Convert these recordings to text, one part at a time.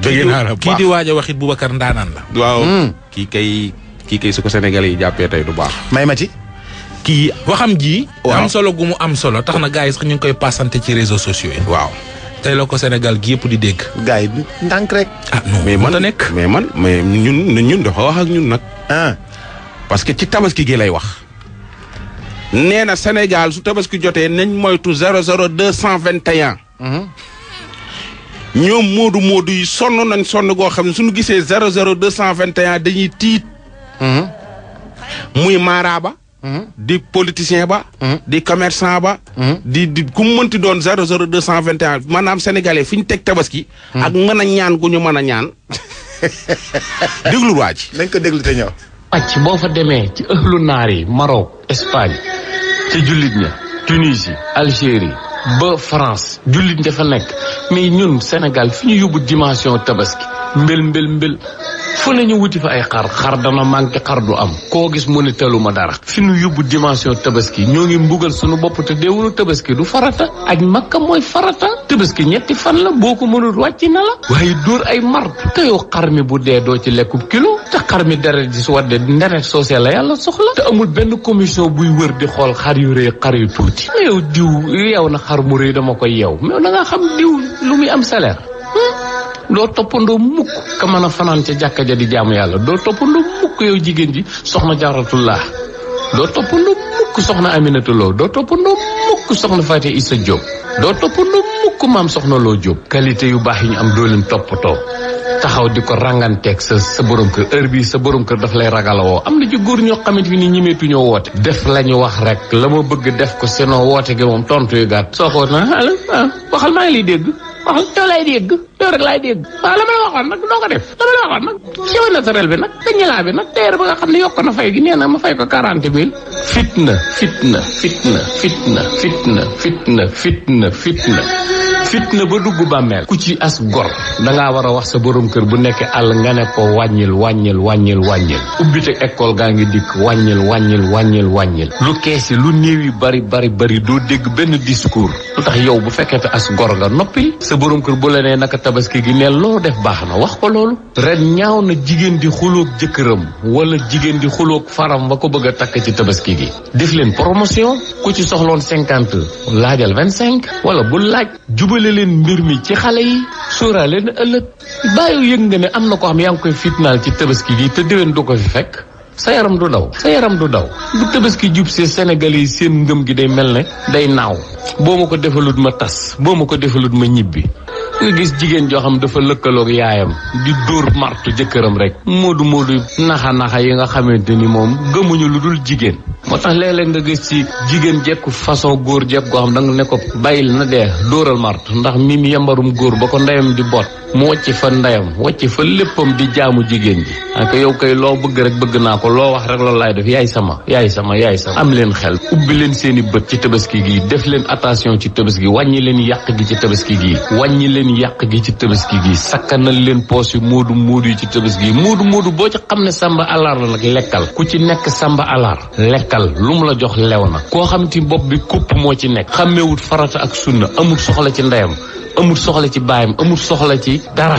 dëgg naa la kii di waaj a wax it Boubacar ndaanaan la. waaw hmm. kii kay kii kay su ko senegal yi jàppee tey du baax. may ma ci. kii waxam ji. am solo gu mu am solo tax na gars yi sax ñu ngi koy passante ci réseau sociaux yi. waaw tey la ko Sénégal gi yëpp di dégg. gars yi ndànk rek. Ah, mais man a nekk mais man mais ñun ñun dafa wax ak ñun nag. ah parce que ci tabaski gi lay wax. nee na Sénégal su tabaski jotee nañ moytu zero zero deux cent vingt et ñoom moodu moodu yi sonn nañ sonn goo xam ne suñu gisee zéro zéro deux cent vingt et dañuy tiit mhm. muy maaraa mhm. di politicien ba mhm. di commerçant ba di di ku mënti doon zéro zéro deux cent vingt et un maanaam fi ñu teg tabaski ak mën a ñaan gu ñu mën a ñaan déglu waa ji nañ ko déglu te ñëw pàcc boo fa demee ci ëxlu naar yi Maroc Espagne ci jullit ña Tunisie Algérie ba France jullit dafa nekk mais ñun Sénégal fi ñu yóbbu dimension tabaski mbel mbel mbel fu ne ñu wuti fa ay xar xar dana manqué xar du am koo gis mu ne teluma dara fi ñu yóbbu dimension tabaski ñoo ngi mbugal suñu bopp te deewunu tabaski du farata ak makka mooy farata tabaski ñetti fan la boo ko mënul wàcc na la waaye dóor ay mar te yow xar mi bu dee doo ci lekkub kilo te xar mi deret ji su wadde deret social la yàlla soxla te amul benn commission buy wër di xool xar yu rëy xar yu tuuti ah, yow diw yeew na xar mu rëy dama koy yeew mais na nga xam diw lu muy am salaire hmm? doo toppandoo mukk ka mën a fanaan ca jàkka ja di jaamu yàlla doo toppandoo mukk jigéen ji soxna jaaratullah doo toppandoo mukk soxna Aminata doo toppandoo mukk soxna Fatou sa Diop doo toppandoo mukk maam soxna Lo Diop qualité yu baax yi ñu am doo leen toppatoo taxaw di ko ranganteeg sa sa borom kër heure bi sa borom kër daf lay ragalawoo am na ci góor ñoo xamante bi ni ñimeetuñoo woote def la ñu wax rek la ma bëgg def ko seenoo woote gi moom tontu yu gàtt soo ko na ala waxal maa ngi lay dégg bi nag te ñilaa bi nag teer ba nga xam ne yokk na fay gi nee ma fay ko quarante mille fitna fitna fitna fitna fitna fitna fitna ba dugg bàmmeel ku ci as gor dangaa war a wax sa borom kër bu nekk àll nga ne ko wàññil wàññil wàññil wàññil ubbite école gaa ngi dikk wàññil wàññil wàññil wàññil lu kees yi lu néew yi bari bari bari doo dégg benn discours lu tax yow bu fekkete as gor nga noppi sa borom kër bu la nee naka tabaski gi neel loo def baax na wax ko loolu ren ñaaw na jigéen di xuloog jëkkëram wala jigéen di xuloog faram ba ko bëgg a takk ci tabaski gi def leen promotion ku ci soxloon cinquante laajal dimbale mbir mi ci xale yi sóoraale na ëllëg bàyyi yëg nga ne am na ko xam yaa ngi koy fitnaal ci tabaski gi te déwén du ko fi fekk sa yaram du daw sa yaram du daw bu tabaski jub see Sénégal yi seen ngëm gi day mel ne day naaw boo ma ko defalut ma tas boo ma ko defalut ma ñibbi nga gis jigéen joo xam dafa lëkkaloog yaayam di dóor martu jëkkëram rek moodu moodu naxa naxa yi nga xamante ni moom gëmuñu lu dul jigéen moo tax léeg-léeg nga gis ci jigéen jekku façon góor jekk goo xam danga ne ko bàyyil na dee dóoral martu ndax mimi yambarum góor ba ko ndeyam di boot mu wàcc fa ndeyam wàcc fa léppam di jaamu jigéen ji ak ah, yow kay loo bëgg rek bëgg naa ko loo wax rek loolu laay def yaay sama yaay sama yaay sama am leen xel ubbi leen seen i bët ci tabaski gii def leen attention ci tabaski gi wàññi leen yàq gi ci tabaski gi wàññi leen yàq gi ci tabaski gi sakkanal leen poos yu moodu moodu yi ci tabaski gi moodu moodu boo ci xam ne samba alaar la nag lekkal ku ci nekk samba alaar lekkal lu mu la jox lew na koo xam ti bopp bi kupp moo ci nekk xàmmeewut farata ak sunna amul soxla ci ndeyam amul soxla ci baayam amul soxla ci dara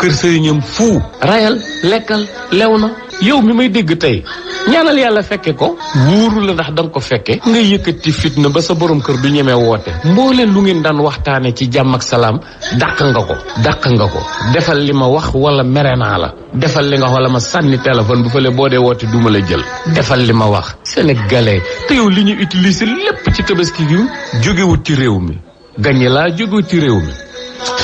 kër sëriñam fuu rayal lekkal lew na yow mi may dégg tey ñaanal yàlla fekke ko wóoru la ndax da nga ko fekke nga yëkkati fitna ba sa borom kër du ñemee woote mbooleen lu ngeen daan waxtaane ci jàmm ak salaam dàq nga ko dàq nga ko defal li ma wax wala mere la defal li nga wala ma sànni téléphone bu fële boo dee woote duma la jël defal li ma wax sénégalais te yow li ñu utiliser lépp ci tabaski gi jógewut ci réew mi gañe laa jógewut ci réew mi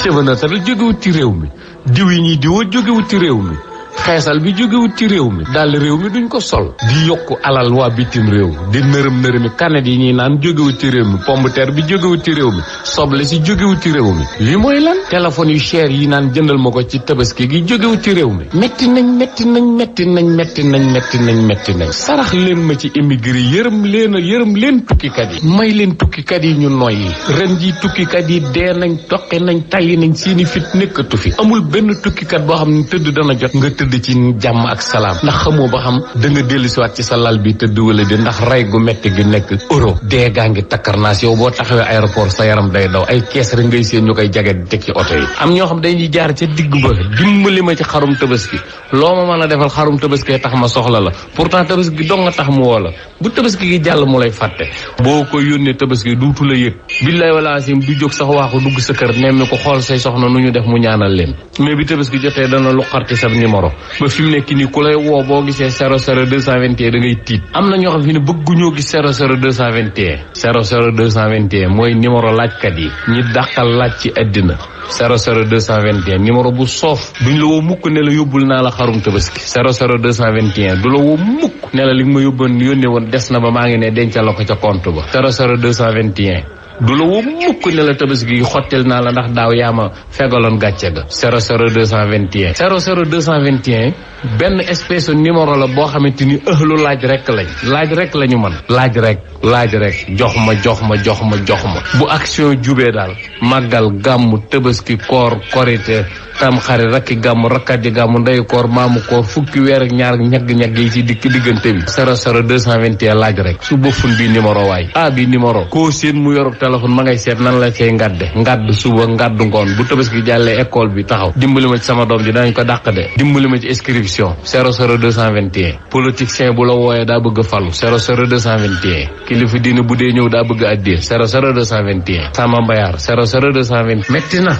cheveux naturels jógewut ci réew mi diw yi ñuy a jógewut ci réew mi xeesal bi jógewut ci réew mi daal réew mi duñ ko sol di yokk alal waa bitim réew di nërëm mi kanet yi ñuy naan jógewut ci réew mi pomme de bi jógewut ci réew mi soble si jógewut ci réew mi li mooy lan téléphone yu cher yi naan jëndal ma ko ci tabaski gi jógewut ci réew mi metti nañ metti nañ metti nañ metti nañ metti nañ metti nañ sarax leen ma ci émigré yërëm leen a yërëm leen tukkikat yi may leen tukkikat yi ñu noyyi ren ji tukkikat yi dee nañ toqe nañ tayyi nañ seeni fit nekkatu fi amul benn tukkikat boo xam ne tëdd dana jot nga tëdd ci jàmm ak salaam ndax xamoo ba xam danga nga dellusiwaat ci sa lal bi tëdd wala di ndax rey gu metti gi nekk euro dee gaa ngi takkarnaas yow boo taxawee aéroport sa yaram day daw ay kees rek ngay seen ñu koy jage di teg ci oto yi am ñoo xam dañuy jaar ca digg ba dimbali ma ci xarum tabaski loo ma mën a defal xarum tabaski tax ma soxla la pourtant tabaski gi a nga tax mu woo la bu tabaski gi jàll mu lay fàtte boo ko yónnee tabaski duutu la yëg billaay wala sim du jóg sax waaxu dugg sa kër nemmi ko xool say soxna nu ñu def mu ñaanal leen mais bi tabaski jotee dana lu xarti sa numéro ba fi nekk nii ku lay woo boo gisee da ngay tiit am na ñoo xam fi ne bëgguñoo gis 00 221 00 221 laajkat yi ñi dàqal laaj ci àddina 00 221 numéro bu soof duñ la woo mukk ne la yóbbul naa la xarum tabaski 00 221 du la woo mukk ne la li nga ma yóbboon yónnee woon des na ba maa ngi ne dencal la ko ca compte ba 00 221 du la woo mukk ne la tabaski gi xottil naa la ndax daaw yaa ma fegaloon gàcce ga 00221 00221 benn espèce numéro la boo xamante ni ëhlu laaj rek lañ laaj rek la ñu mën laaj rek laaj rek jox ma jox ma jox ma ma bu action jubee daal màggal gàmmu tabaski koor korite tam xari rakki gàmmu rakkat yi gàmmu ndeyu koor maamu koor fukki weer ak ñaar ñagg-ñagg yi ci dikk diggante bi 00221 laaj rek su bëfun bi numéro waay a bi koo seen mu yorub téléphone ma ngay seet nan la cay ngàdde ngàdd suba ngàdd ngoon bu tabaski jàllee école bi taxaw dimbali ma ci sama doom ji danañ ko dàq de dimbali ma ci inscription 00221 politicien bu la wooyee daa bëgg a falu 00221 kilifa diine bu dee ñëw daa bëgg a addee 00221 sama mbayaar 00221 metti na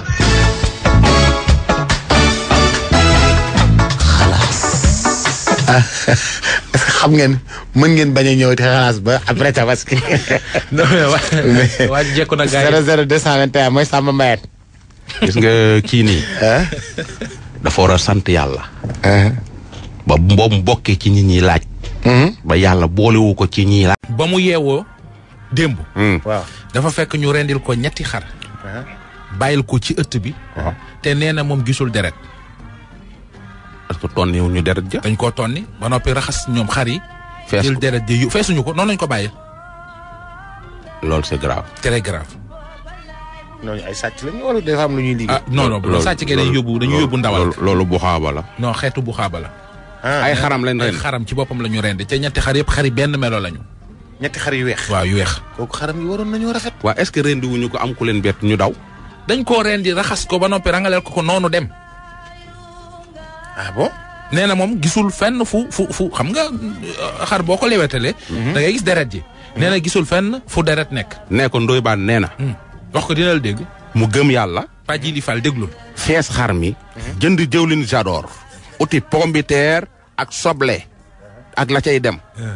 est xam ngeen mën ngeen bañ a ñëw xalaas ba après tabaski. non mais waa mooy Samba Mayane. gis nga kii nii. dafa war a sant yàlla. ba mboom bokkee ci ñi ñuy laaj. Hmm? ba yàlla boolewu ko ci ñi laaj. ba mu yeewoo démb. Hmm. dafa fekk ñu rendil ko ñetti xar. bàyyil ko ci ëtt bi. te nee na moom gisul deret. parce que tonni ñu deret koo tonni ba noppi raxas ñoom xar yi. fees jël deret ja yu feesuñu ko noonu lañ ko bàyyi. loolu c'est grave. très grave. ñooñu ay sàcc lañu wala dafa am lu ñuy liggéey. ah non non ah, loolu sàcc gi dañuy yóbbu dañuy yóbbu ndawal. loolu bu xaaba la. non xeetu bu xaaba la. Ah, ay xaram lañ rend ay xaram ci boppam la ñu rend te ñetti xar yëpp xar yi benn melo lañu. ñetti xar yu weex. waaw yu weex. kooku xaram yi waroon nañoo rafet. waa est-ce que rendi ko am ku leen bett ñu daw. dañ koo rendi raxas ko ba noppi rangaleel ko ko noonu dem. ah bon nee na moom gisul fenn fu fu fu xam nga euh, xar boo ko lewetalee. Mhm. da ngay gis deret ji. nee na gisul fenn fu deret nekk. nee ko Ndoye Bane nee na. Hmm. wax ko dina la dégg. mu gëm yàlla. Fadji li Fall déglul. fees xar mi. Mhm. jënd jëwlin jador. uti pombiteer ak soble. ak la cay dem. Eh.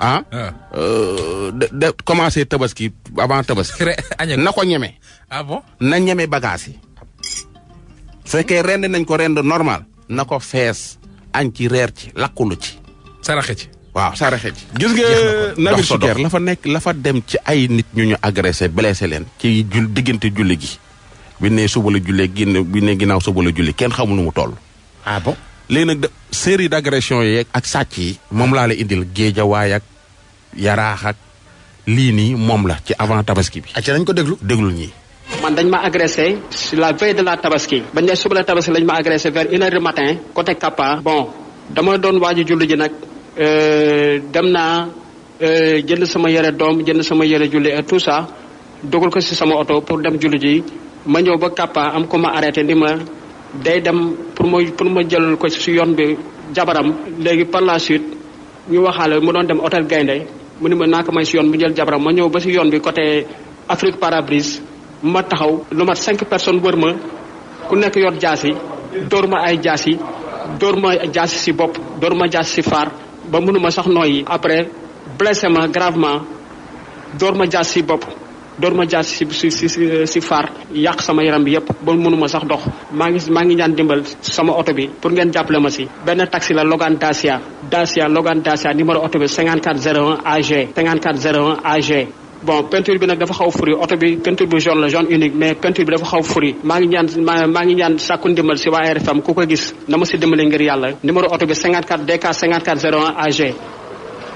ah. Eh. Euh, de de commencé tabaski avant tabaski. na ko ñeme. ah na ñeme bagage yi. su rend nañ ko rend normal. na ko fees añ ci reer ci lakkulu ci. saraxe ci. waaw saraxe ci. gis nga Nabil Chikeur la fa nekk la fa dem ci ay nit ñu ñu agressé blessé leen. ci jul diggante julli gi. bi ne suba la julli génn bi ne ginnaaw suba la julli kenn xamul nu mu toll. ah bon léegi nag de série d' agression yeeg ak sàcc yi. moom laa la indil géejawaay ak yaraax ak lii nii moom la ci avant tabaski bi. acca nañ ko déglu déglu ñii. man dañ ma agressé sur la veille de la tabaski bañ ne suba la tabaski lañ ma agressé vers une matin côté Kappa bon dama doon waaju julli ji nag euh, dem naa euh, jënd sama yére doom jënd sama yére julli et tout ça dugal ko si sama oto pour dem julli ji ma ñëw ba Kappa am ko ma arrêté ni ma day dem pour ma pour ma jël ko si yoon bi jabaram léegi par la suite ñu waxaale mu doon dem otel gaynde mu ni ma naa ko may si yoon bu jël jabaram ma ñëw ba si yoon bi côté Afrique Parabrise ma taxaw lu ma cinq personnes wër ma ku nekk yor jaas yi dóor ma ay jaas yi dóor ma jaas si bopp dóor ma jaas si faar ba mënuma sax nooyi après blessé ma gravement dóor ma jaas si bopp door ma jaar si si si si faar yàq sama yaram bi yëpp ba mënuma sax dox maa ngi maa ngi ñaan dimbal sama oto bi pour ngeen jàppale ma si benn taxi la Logan Dacia Dacia Logan Dacia numéro oto bi 54 01 AG 54 01 AG bon peinture bi nag dafa xaw furi oto bi peinture bi jaune la jaune unique mais peinture bi dafa xaw furi maa ngi ñaan maa ngi ñaan sàkku ndimbal si ku ko gis na ma si dimbale ngir yàlla numéro oto bi 54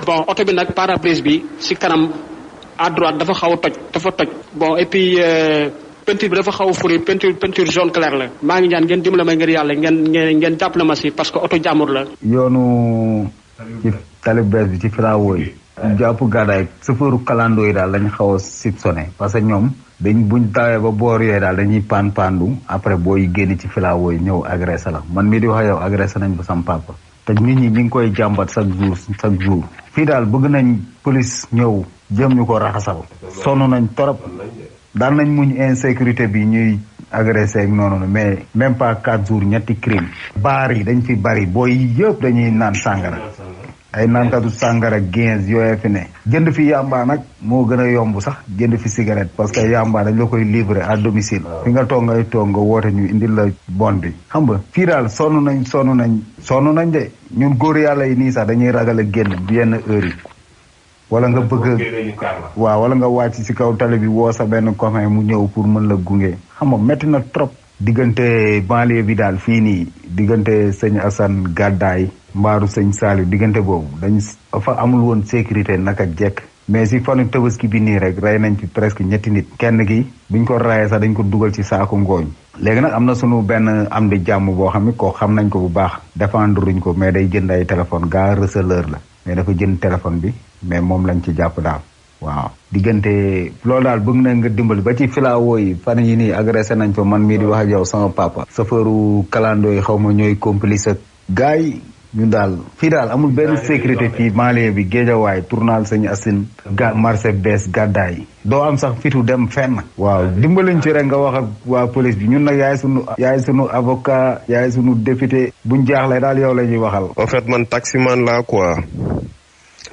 bon oto bi nag parabrise bi si kanam à dafa xaw a toj dafa toj bon et puis euh, peinture bi dafa xaw a furi peinture peinture jaune clair la maa ngi ñaan ngeen dimbale ma ngir yàlla ngeen ngeen ngeen jàppale ma si parce que oto jàmbur la yoonu ci talib bees bi ci firawoo yi jàpp gàddaay sëfëru kalandoo yi daal lañ xaw a parce que ñoom dañ buñ tawee ba boor yooyu daal dañuy paan paandu après booy génn ci filawoo yi ñëw agressé la man mii di wax yow agressé nañ ba sam te nit ñi ñu ngi koy jàmbat chaque jour chaque jour. fii daal bëgg nañu police ñëw jëm ñu ko raxasal. sonn nañ torop daan nañ muñ insécurité bi ñuy agressé ak noonu mais même pas quatre jours ñetti crime baar yi dañu fi bari booy yëpp dañuy naan sàng ay naankatu sàngara guinze yooyee fi ne jënd fi yàmbaa nag moo gën a yomb sax jënd fi cigarette parce que yàmbaa dañ la koy livrer à domicile fi nga toog ngay toog nga woote ñu indi la bon bi xam nga fii daal sonn nañ sonn nañ sonn nañ de ñun góor yàlla yi nii sax dañuy ragal a génn yenn heure yi wala nga bëgg waa wala nga wàcc ci kaw tali bi woo sa benn copain mu ñëw pour mën la gunge xam nga métti na trop diggante banlieue bi daal fii nii diggante sëñ Assane Gàddaay mbaaru sëñ Saliou diggante boobu dañ fa amul woon sécurité naka jekk mais si fanu tabaski bi nii rek rey nañ ci presque ñetti nit kenn ki buñ ko rayee sax dañ ko dugal ci saaku ngooñ léegi nag am na sunu benn am di jàmm boo xam ne ko xam nañ ko bu baax défendre ruñ ko mais day jënd ay téléphone gaa receleur la mais dafa jënd téléphone bi mais moom lañ ci jàpp daal waaw diggante loolu daal bëgg na nga dimbali ba ci filawoo yi fan yi nii agressé nañ fa man mii di wax ak yow sama papa safaru kalandoo yi xaw ma ñooy complice ak gars yi ñu daal fii daal amul benn sécurité fii banlieue bi géejawaay tournal sañu asin ga marché bees gàddaay doo am sax fitu dem fenn waaw dimbaliñ ci rek nga wax ak waa police bi ñun nag yaay sunu yaay sunu avocat yaay sunu député buñ jaaxle daal yow la ñuy waxal en fait man taximan laa quoi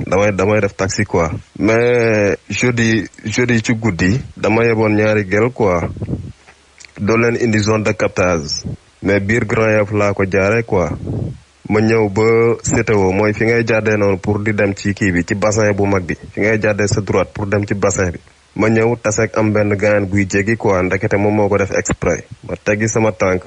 damay damay def taxi quoi mais jeudi jeudi ci guddi dama yeboon ñaari gel quoi doo leen indi zone de captage mais biir Grand Yoff laa ko jaare quoi ma ñëw ba CTO mooy fi ngay jàddee noonu pour di dem ci kii bi ci bassin bu mag bi fi ngay jàddee sa droite pour dem ci bassin bi ma ñëw taseeg am benn gaañ guy jéggi quoi ndekete moom moo ko def exprès ma teggi sama tànk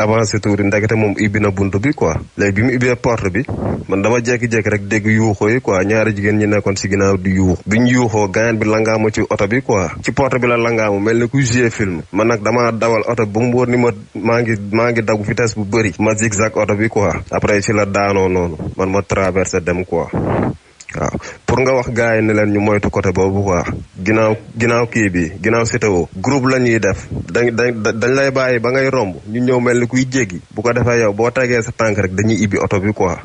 avancé tuuti ndekete moom ibbi na bunt bi quoi léegi bi mu ubbee porte bi man dama jékki-jékki rek dégg yuuxoo yi quoi ñaari jigéen ñi nekkoon si ginnaaw di yuux biñ yuuxoo gaañ bi langaamu ci oto bi quoi ci porte bi la langaamu mel ni ku jouer film man nag dama dawal oto bi ba ni ma maa ngi maa ngi dagu vitesse bu bëri ma zigzag oto bi quoi après si la daanoo noonu man ma traversé dem quoi waaw pour nga wax gars yi ne leen ñu moytu côté boobu ko ginnaaw ginnaaw kii bi ginnaaw CTO groupe la ñuy def dañ da dañ lay bàyyi ba ngay romb ñu ñëw mel ni kuy jéggi bu ko defee yow boo tegee sa tànk rek dañuy ibbi oto bi quoi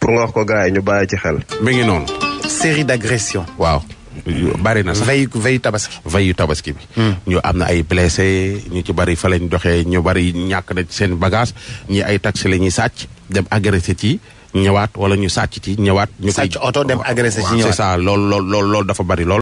pour nga wax ko gars yi ñu bàyyi ci xel. mi ngi noonu. série d'agression. waaw. bari na sax vey veyu tabaski. veyu tabaski bi. Hmm. ñu am na ay blessé ñu ci bari fa lañ doxee ñu bari ñàkk na seen bagage ñi ay taxi la ñuy sàcc dem agressé ci. ñëwaat wala ñu sàcc ci ñëwaat. ñu koy sàcc oto dem agressé ci ñëwaat c'est lool loolu loolu loolu dafa bari lool.